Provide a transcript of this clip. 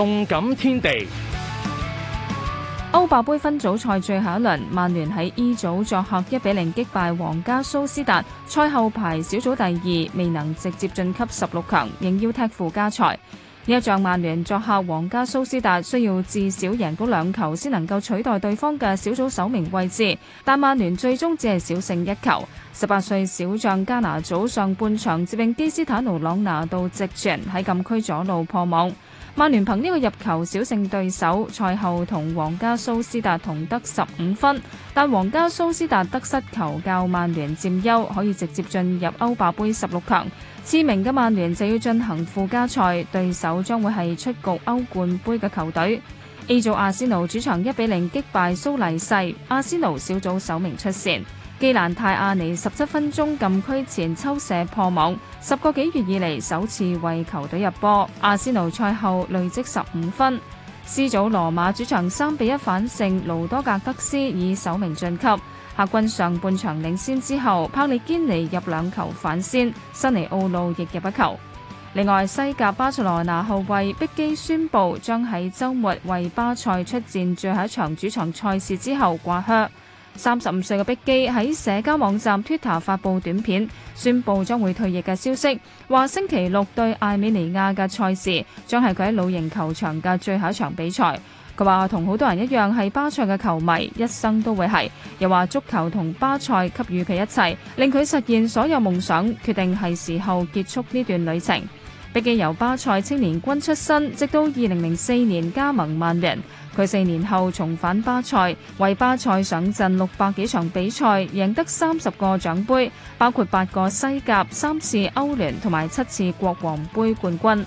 動感天地，歐霸盃分組賽最後一輪，曼聯喺 E 組作客一比零擊敗皇家蘇斯達，賽後排小組第二，未能直接晉級十六強，仍要踢附加賽。呢一仗曼聯作客皇家蘇斯達，需要至少贏夠兩球先能夠取代對方嘅小組首名位置，但曼聯最終只係小勝一球。十八歲小將加拿祖上半場接應基斯坦奴朗拿度直傳喺禁區左路破網。曼聯憑呢個入球小勝對手，賽後同皇家蘇斯達同得十五分，但皇家蘇斯達得失球較曼聯佔優，可以直接進入歐霸杯十六強。次名嘅曼聯就要進行附加賽，對手將會係出局歐冠杯嘅球隊。A 組阿仙奴主場一比零擊敗蘇黎世，阿仙奴小組首名出線。基蘭泰亞尼十七分鐘禁區前抽射破網，十個幾月以嚟首次為球隊入波。阿仙奴賽後累積十五分。斯祖羅馬主場三比一反勝，盧多格德斯以首名晉級。客軍上半場領先之後，帕利堅尼入兩球反先，辛尼奧路亦入一球。另外，西甲巴塞羅那後衛碧基宣布將喺周末為巴塞出戰最後一場主場賽事之後掛靴。三十五歲嘅碧基喺社交網站 Twitter 發布短片，宣布將會退役嘅消息。話星期六對艾美尼亞嘅賽事，將係佢喺露營球場嘅最後一場比賽。佢話同好多人一樣係巴塞嘅球迷，一生都會係。又話足球同巴塞給予佢一切，令佢實現所有夢想。決定係時候結束呢段旅程。碧基由巴塞青年軍出身，直到二零零四年加盟曼聯，佢四年後重返巴塞，為巴塞上陣六百幾場比賽，贏得三十個獎杯，包括八個西甲、三次歐聯同埋七次國王杯冠軍。